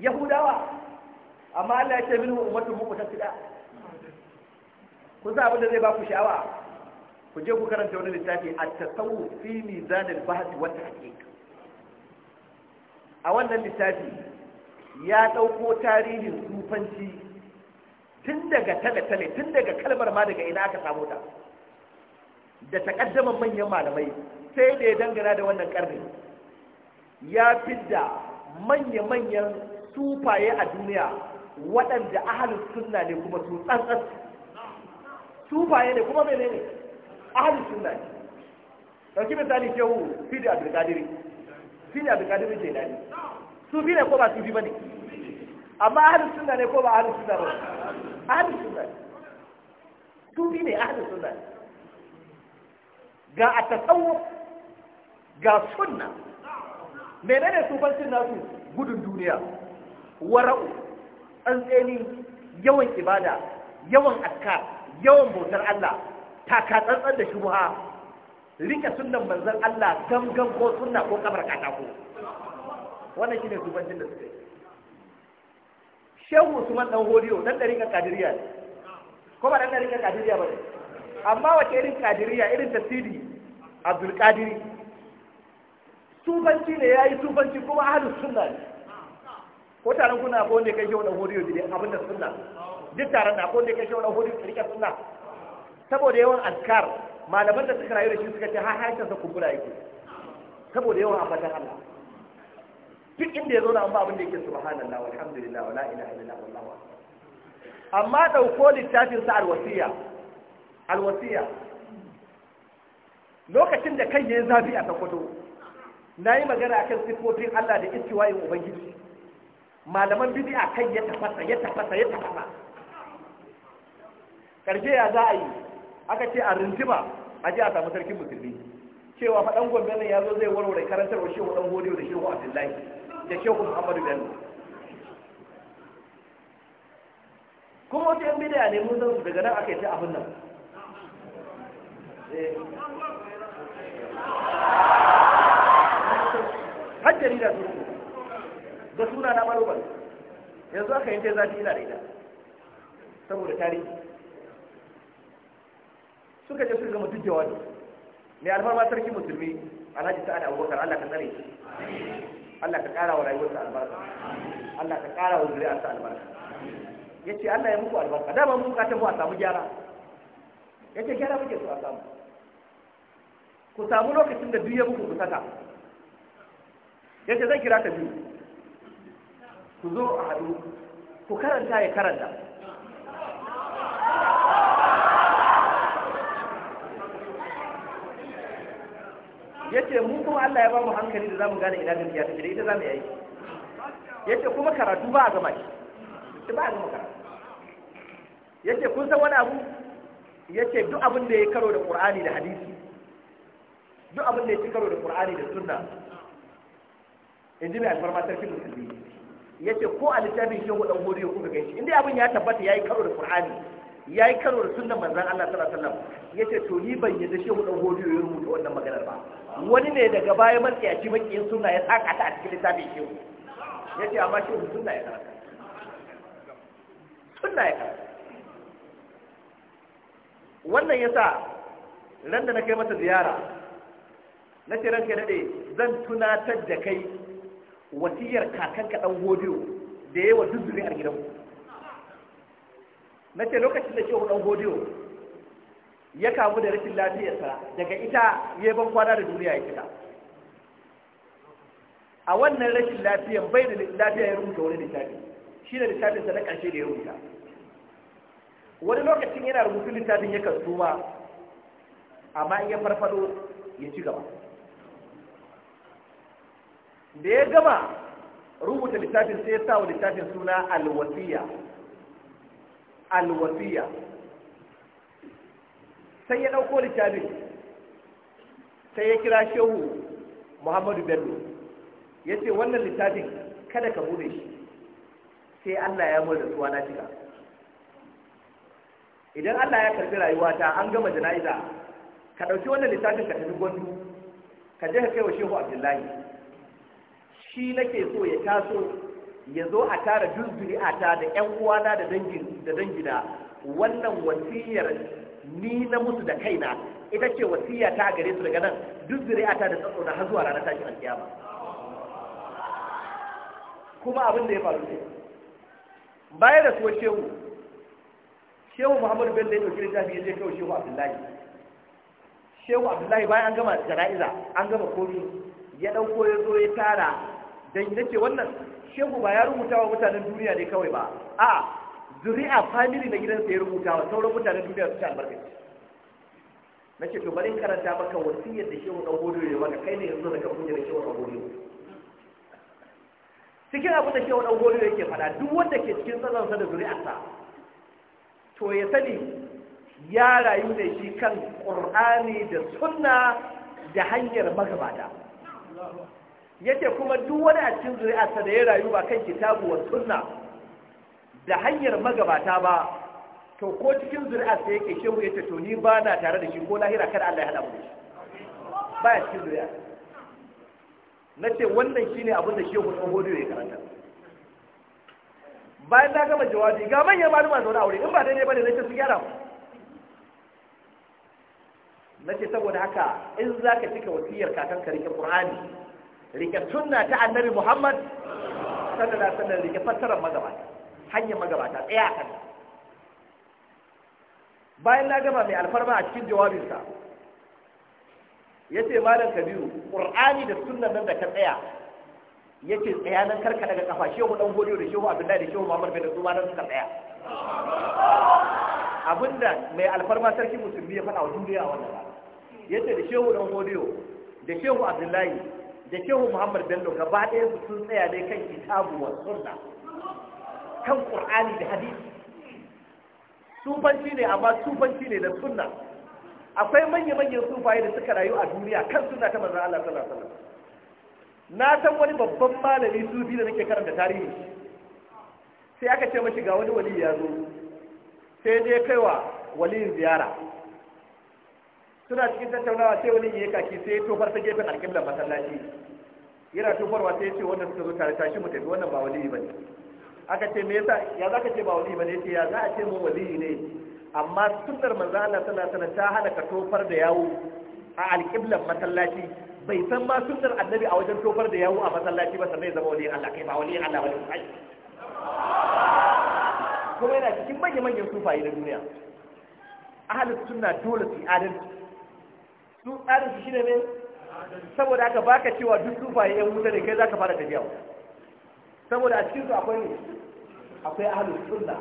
yahudawa amma Allah yace minhu ummatun muqtasida ku za abin da zai ba ku sha'awa ku je ku karanta wani littafi at tasawwuf fi mizan al-bahth wa tahqiq a wannan littafi ya ɗauko tarihin sufanci tun daga tale-tale tun daga kalmar ma daga ina aka samu ta da takaddaman manyan malamai sai da ya dangana da wannan ƙarfin. ya fidda manya-manyan sufaye a duniya waɗanda ahalus sunna ne kuma su tsantsan. sufaye ne kuma ne ahalus sunna ne ɗauki misali shehu fidi abdulkadiri shi ne abdulkadir jilani sufi ne ko ba sufi ba ne amma ahalus suna ne ko ba ahalus suna ba ahalus suna ne sufi ne ahalus suna ne ga a tasawo ga sunna menene sufancin nasu gudun duniya wara'u tsantseni yawan ibada yawan askar yawan bautar Allah taka tsantsan da shubha rike sunan manzon Allah gangan ko sunna ko kabar katako wannan shine zubancin da suke. shehu usman dan hodiyo dan dariƙa kadiriya ne ko ba dan dariƙa kadiriya ba ne amma wace irin kadiriya irin ta sidi abdul kadiri tubanci ne yayi tubanci kuma ahlus sunna ne ko taron kuna ko ne kai shehu dan hodiyo dai abin da sunna duk taron na ko ne kai shehu dan hodiyo rika sunna saboda yawan azkar malaman da suka rayu da shi suka ce har harshen sa kumbura yake saboda yawan ambatan Allah duk inda ya zauna an ba abin da yake subhanallah walhamdulillah wala ilaha illallah wallahu amma dauko littafin sa alwasiya alwasiya lokacin da kai yayin zafi a takwato nayi magana akan sifofin Allah da istiwayin ubangiji malaman bid'a kai ya tafasa ya tafasa ya tafasa karje ya za a yi aka ce a rintiba a ji a samu sarkin musulmi cewa faɗan gombe nan ya zo zai warware karantarwar shehu ɗan godiyo da shehu abdullahi da shehu muhammadu bello kuma wasu yan bidiya ne mun san daga nan aka yi ta abin nan eh. hajjari da su da suna na malubar yanzu aka yi ta zafi ina da ita saboda tarihi suka je suka gama duk jawabi mai alfarma sarki musulmi alhaji sa'ad abubakar allah ka tsare shi allah ka kara wa rayuwarsa albarka allah ka kara wa zuri'arsa albarka ya ce allah ya muku albarka dama mun bukata mu a samu gyara ya ce gyara muke so a samu ku samu lokacin da duk ya muku kusa ta ya ce zan kira ta biyu ku zo a haɗu ku karanta ya karanta yace mu kuma Allah ya ba mu hankali da zamu gane ina gaskiya take da ita zamu yi aiki yace kuma karatu ba a gama shi ba a gama karatu yace kun san wani abu yace duk abin da ya karo da Qur'ani da hadisi duk abin da ya ci karo da Qur'ani da sunna in ji mai alfarma sarki musulmi yace ko a littafin shehu dan horiyo kuka gaishe inda abin ya tabbata yayi karo da Qur'ani ya yi karo da sunan manzan Allah sallallahu alaihi wasallam ya ce to ni ban yadda shehu dan hodiyo ya rubuta wannan maganar ba wani ne daga baya matsiyaci makiyin suna ya saka ta a cikin littafin shehu ya ce amma shehu sunna ya karanta sunna ya karanta wannan yasa ran da na kai masa ziyara na ce ranka daɗe zan tunatar da kai wasiyar kakanka dan hodiyo da yawa duk zuri'ar gidanku na ce lokacin da shehu ɗan godiyo ya kamu da rashin lafiyarsa daga ita ya ban kwana da duniya ya kita a wannan rashin lafiyar bai da lafiya ya rubuta wani littafi shi da littafinsa na ƙarshe da ya rubuta wani lokacin yana rubutu littafin ya yakan suma amma ya farfado ya ci gaba da ya gama rubuta littafin sai ya sa wa littafin suna alwasiya alwasiya sai ya ɗauko littafin sai ya kira shehu muhammadu bello ya ce wannan littafin kada ka bude shi sai allah ya mura suwa na shiga idan allah ya rayuwa rayuwata an gama jana'iza ka ɗauki wannan littafin ka tafi gwandu ka je ka kai wa shehu abdullahi shi nake so ya taso ya zo a tara duk ta da ƴan uwana da dangin da dangina wannan wasiyar ni na musu da kaina ita ce wasiya ta gare su daga nan duk zuri'ata da tsatso na hazuwa ranar tashin alkiyama kuma abin da ya faru ne bayan da suwa shehu shehu muhammadu bello ya ɗauki littafi ya je kawai shehu abdullahi shehu abdullahi bayan an gama jana'iza an gama komi ya ɗauko ya zo ya tara dan idan ce wannan shehu ba ya rubuta wa mutanen duniya ne kawai ba a zuri'a family na gidansa ya rubuta wa sauran mutanen duniya su ci albarkaci na ce to bari karanta maka wasiyar da shehu dan bodo ya maka kai ne yanzu da ka kunya da shehu dan bodo cikin abin da shehu dan bodo yake faɗa duk wanda ke cikin sa da zuri'arsa to ya sani ya rayu da shi kan ƙur'ani da sunna da hanyar magabata yace kuma duk wani a cikin zuri'arsa da ya rayu ba kan kitabu wa sunna da hanyar magabata ba to ko cikin zuri'arsa yake mu yace to ni ba na tare da shi ko lahira kada Allah ya hada mu ba ya cikin zuri'a nace wannan shine abin da shehu dan hodo ya karanta bayan na gama jawabi ga manyan malama zaune aure in ba daidai bane nace su gyara nace saboda haka in zaka cika wasiyar kakan karin qur'ani rike sunna ta annabi muhammad sallallahu alaihi wasallam rike fassarar magabata hanyar magabata tsaya a kan bayan na gama mai alfarma a cikin jawabinsa ya ce malam kabiru ƙur'ani da sunnan nan da ka tsaya ya ce tsaya nan karka daga kafa shehu ɗan godiyo da shehu abdullahi da shehu muhammad bin zuma nan suka tsaya abinda mai alfarma sarki musulmi ya faɗa wa duniya a wannan ya ce da shehu ɗan godiyo da shehu abdullahi da shehu muhammad bello gaba ɗaya su sun tsaya dai kan kitabu wa sunna kan qur'ani da hadisi sufanci ne amma sufanci ne da sunna akwai manya-manyan sufaye da suka rayu a duniya kan suna ta manzan Allah sallallahu alaihi wasallam na san wani babban malami sufi da nake karanta tarihi sai aka ce mashi ga wani wali ya zo sai dai kaiwa wali ziyara suna cikin tattaunawa sai wani ya kaki sai ya tofar ta gefen alƙiblar masallaci yana tofarwa sai ya ce wannan suka zo tare tashi mu tafi wannan ba ba ne. aka ce me yasa ya zaka ce ba ba ne ce ya za a ce mu yi ne amma sunnar manzo Allah sallallahu alaihi wasallam ta hana ka tofar da yawo a alƙiblar masallaci bai san ma sunnar annabi a wajen tofar da yawo a masallaci ba sannan ya zama waliyin Allah kai ba yi Allah ne, kai kuma yana cikin manya-manyan sufaye na duniya ahalin sunna dole su adalci su tsarin su shine ne saboda aka baka cewa duk ya yan wuta ne kai zaka fara tafiya saboda a cikin su akwai ne akwai ahlus sunna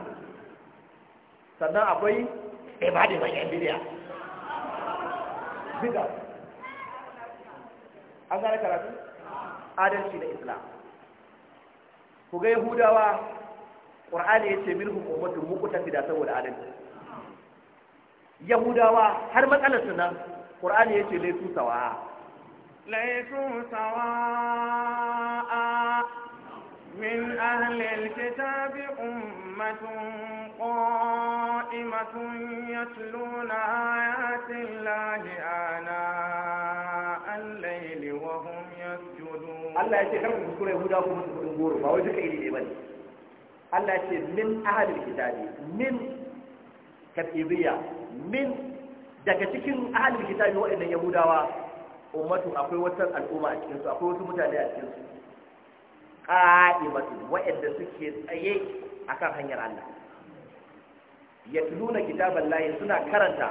sannan akwai ibadi mai yan bidiya bid'a an gane karatu adalci da islam ku ga yahudawa qur'ani yace minhum ummatun muqtasida saboda adalci yahudawa har matsalar su nan Ƙur'ani ya ce laisu sawa. Laisu sawa min ahlil kitabi ummatun qa'imatun yatluna ayatin lahi ana al-layli wa hum yasjudun Allah ya ce kar ku kure huda ku mutu kun goro ba wai duka iri ne Allah ya ce min ahlil kitabi min katibiya min daga cikin ahalin kitabi waɗannan yahudawa ummatu akwai wata al'umma a cikinsu akwai wasu mutane a cikinsu qa'imatu waɗanda suke tsaye akan hanyar Allah yatluna kitaballahi suna karanta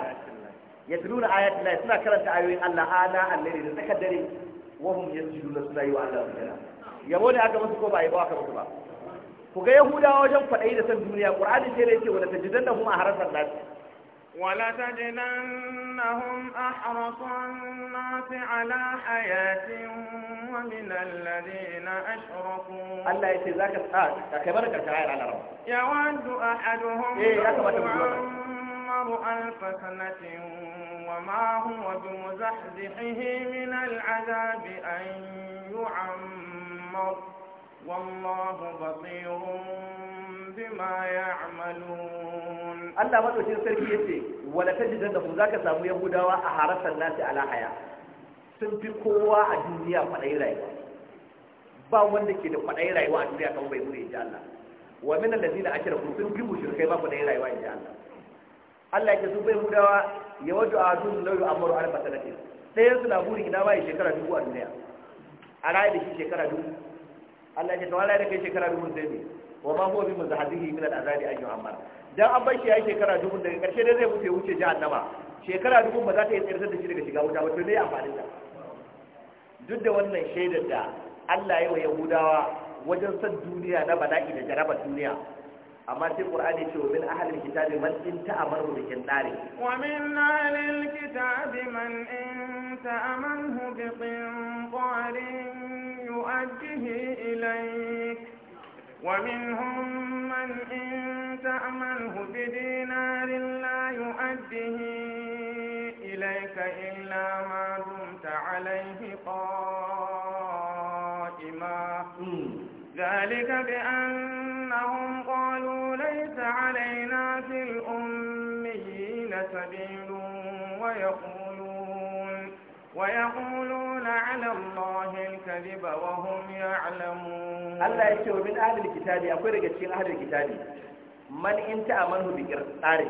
yatluna ayatullahi suna karanta ayoyin Allah ana allahi da tsakar dare wa hum yasjuduna suna yi wa Allah sujada yabo ne aka musu ko ba yabo aka musu ba ku ga yahudawa wajen kwaɗayi da san duniya qur'ani ce ne yake wala tajidanna hum a harasar nasi ولتجدنهم أحرص الناس على حياة ومن الذين أشركوا الله يتزاك الآن آه، كبرك الكعائر على رب يود أحدهم يعمر إيه، ألف سنة وما هو بمزحزحه من العذاب أن يعمر والله بصير Allah بما يعملون الله ما تقول سركي يتي zaka samu yahudawa a harasan nasi ala haya Sun fi kowa a duniya فلأي rayuwa. ba wanda ke da kwaɗayin rayuwa a duniya kamar bai bude in ji Allah wa min allazina ashraku sun fi mushrikai ba kwaɗayin rayuwa in ji Allah Allah ya ce su bai hudawa ya wajo a duniya lauyu amaru arba sanati Sai su na buri gida bai shekara dubu a duniya a rayu da shi shekara dubu Allah ya ce kamar rayu da kai shekara dubu zai ne wa ma huwa bi muzahadihi min al-azabi an yu'ammar dan an bar shi yayi shekara dubu daga karshe dai zai wuce wuce jahannama shekara dubu ba za ta yi tsirtar da shi daga shiga wuta ba to dai amfanin da duk da wannan shaidar da Allah ya wa Yahudawa wajen san duniya na bala'i da jarabar duniya amma sai qur'ani ce wa min ahlil kitabi man in ta'amaru bi qintari wa min ahlil kitabi man in ta'amanhu bi qintarin yu'addihi ilayk ومنهم من إن تأمله بدينار لا يؤديه إليك إلا ما دمت عليه قائما ذلك بأنهم قالوا ليس علينا في الأميين سبيل ويقول ويقولون على الله الكذب وهم يعلمون الله يكتب من أهل الكتاب أقول لك تشين أهل الكتاب من أنت أمنه بقرار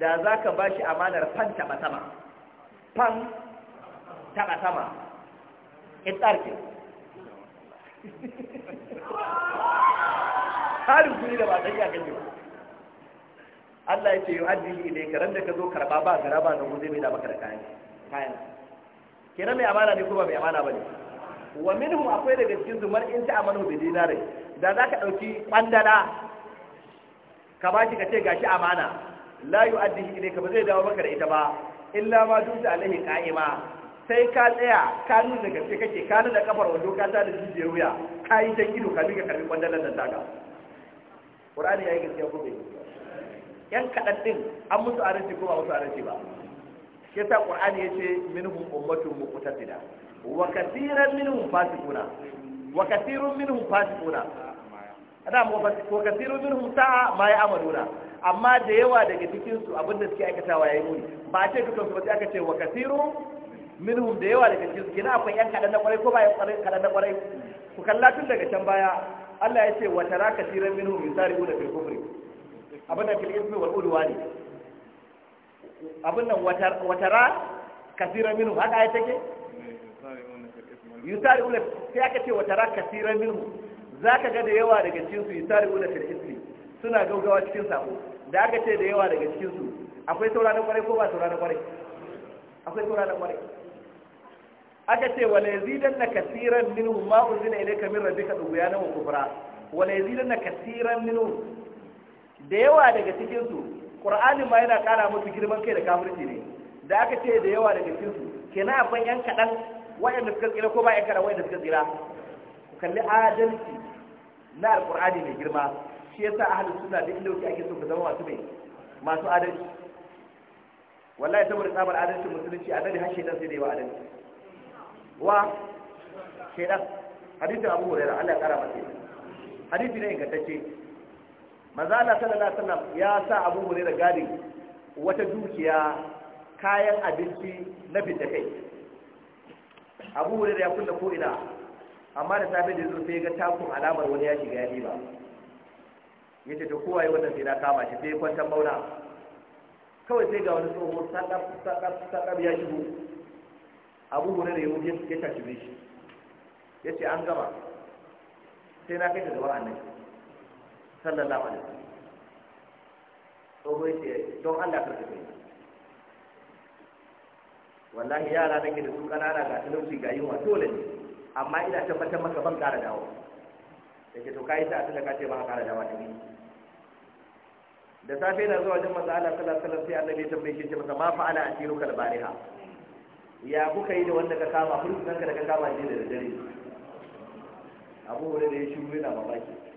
دا ذاك ka ba shi تبا تما taɓa تبا تما taɓa sama ƙirƙar ke harin kuri da Allah ya ce yi hajji ne ka randa ka zo karɓa ba gara ba na gudu mai da maka da kayan kenan mai amana ne kuma mai amana ba ne wa minhum akwai daga cikin zumar in ta amanu bi dinare da za ka ɗauki ƙwandala ka ba ka ce gashi amana la yu'addihi ilayka ba zai dawo maka da ita ba illa ma dusa alaihi qa'ima sai ka tsaya ka nuna gaske kake ka nuna kafar wando ka ta da jijiyar wuya ka yi ta ido ka miƙa karbi ƙwandalan nan Ƙur'ani qur'ani yi gaskiya ko bai yan kaɗan ɗin an musu aranci ko ba musu aranci ba kisa yasa qur'ani yace minhum ummatun muqtasida wa kathiran minhum fasiquna wa kathirun minhum fasiquna ana mu fasiqu wa katirun minhum sa'a ma ya'maluna amma da yawa daga cikin su abinda suke aikatawa yayi muni ba a ce dukan su ba sai aka ce wa katirun minhum da yawa daga cikin su kina akwai yan kadan na kwarai ko ba yan kadan na kwarai ku kalla tun daga can baya Allah ya ce wa tara kathiran minhum yusari'una fil kufri abinda fil ismi wal udwani abin nan watara kasira minu haka ya take yusari ula sai aka ce watara kasira za ka ga da yawa daga cikin yusari ula fil ismi suna gaugawa cikin sako da aka ce da yawa daga cikinsu akwai sauranin kwarai ko ba sauranin kwarai akwai sauranin kwarai aka ce wala yazidan na kasiran minu ma uzina rabi ka dubu dubyana wa kufra wala yazidan na kasiran minu da yawa daga cikinsu. qur'anin ma yana ƙara musu girman kai da kafirci ne da aka ce da yawa daga cikin su kenan akwai yan kadan da suka tsira ko ba yan wayan da suka tsira ku kalli adalci na alqur'ani mai girma shi yasa ahlus sunna da inda kuke ake so ku zama masu mai masu adalci wallahi saboda tsabar adalci musulunci a dare har shedan sai da yawa adalci wa shedan hadisin abu hurairah Allah ya kara masa hadisi ne ingantacce maza Allah sallallahu alaihi ya sa Abu da gadin wata dukiya kayan abinci na fita kai Abu da ya kunna ko ina amma da safe da zuwa sai ga takun alamar wani ya shiga ya diba yace to kowa yayi wannan sai na kama shi sai kwantar mauna kawai sai ga wani tsoho sadaf sadaf sadaf ya shigo Abu da ya wuce ya tashi shi yace an gama sai na kai ta gaban annabi sallallahu alaihi wasallam tsoho ce don Allah ka tafi wallahi yara nake da su kanana ga talauci ga yunwa dole ne amma ina tabbatar maka ban kara dawo yake to kai ta tunda ka ce ba ka ƙara dawo da ni da safe na zuwa wajen manzo Allah sallallahu alaihi wasallam sai annabi ya tambaye shi ce masa ma ala asiruka al-bariha ya kuka yi da wanda ka kama hulkunanka da ka kama shi da dare abu da ya shiru yana mamaki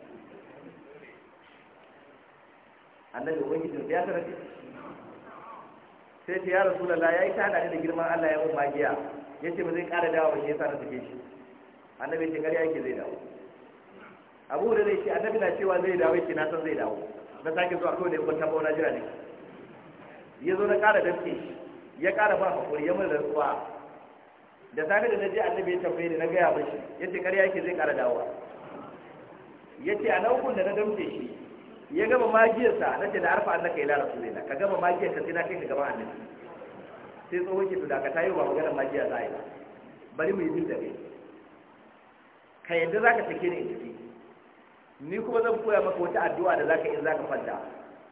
annabi ubangijin ya tara shi sai ce ya la yayi tana da girman Allah ya umma giya yace ba zai ƙara dawo ba shi yasa na take shi annabi ce gari yake zai dawo abu da zai ce annabi na cewa zai dawo yake na san zai dawo na sake zuwa kawai da yabon tabo na jira ne ya zo na ƙara dafke shi ya ƙara ba hakuri ya mun rantsuwa da safe da na je annabi ya tambaye ni na gaya mashi yace ƙarya yake zai ƙara dawo yace a nan da na damke shi ya gama magiyarsa na ce da arfa naka ila rasu ka gama magiyarka sai na kai ka gaba annabi sai tsohon ke to da ka tayo ba magana magiya za a yi ba bari mu yi jin da kai ka yadda za ka take ni ciki ni kuma zan koya maka wata addu'a da za ka yi za ka fanta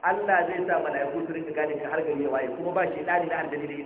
Allah zai sa mala'iku su rinka gane ka har gari ya waye kuma ba shi ɗani na addini da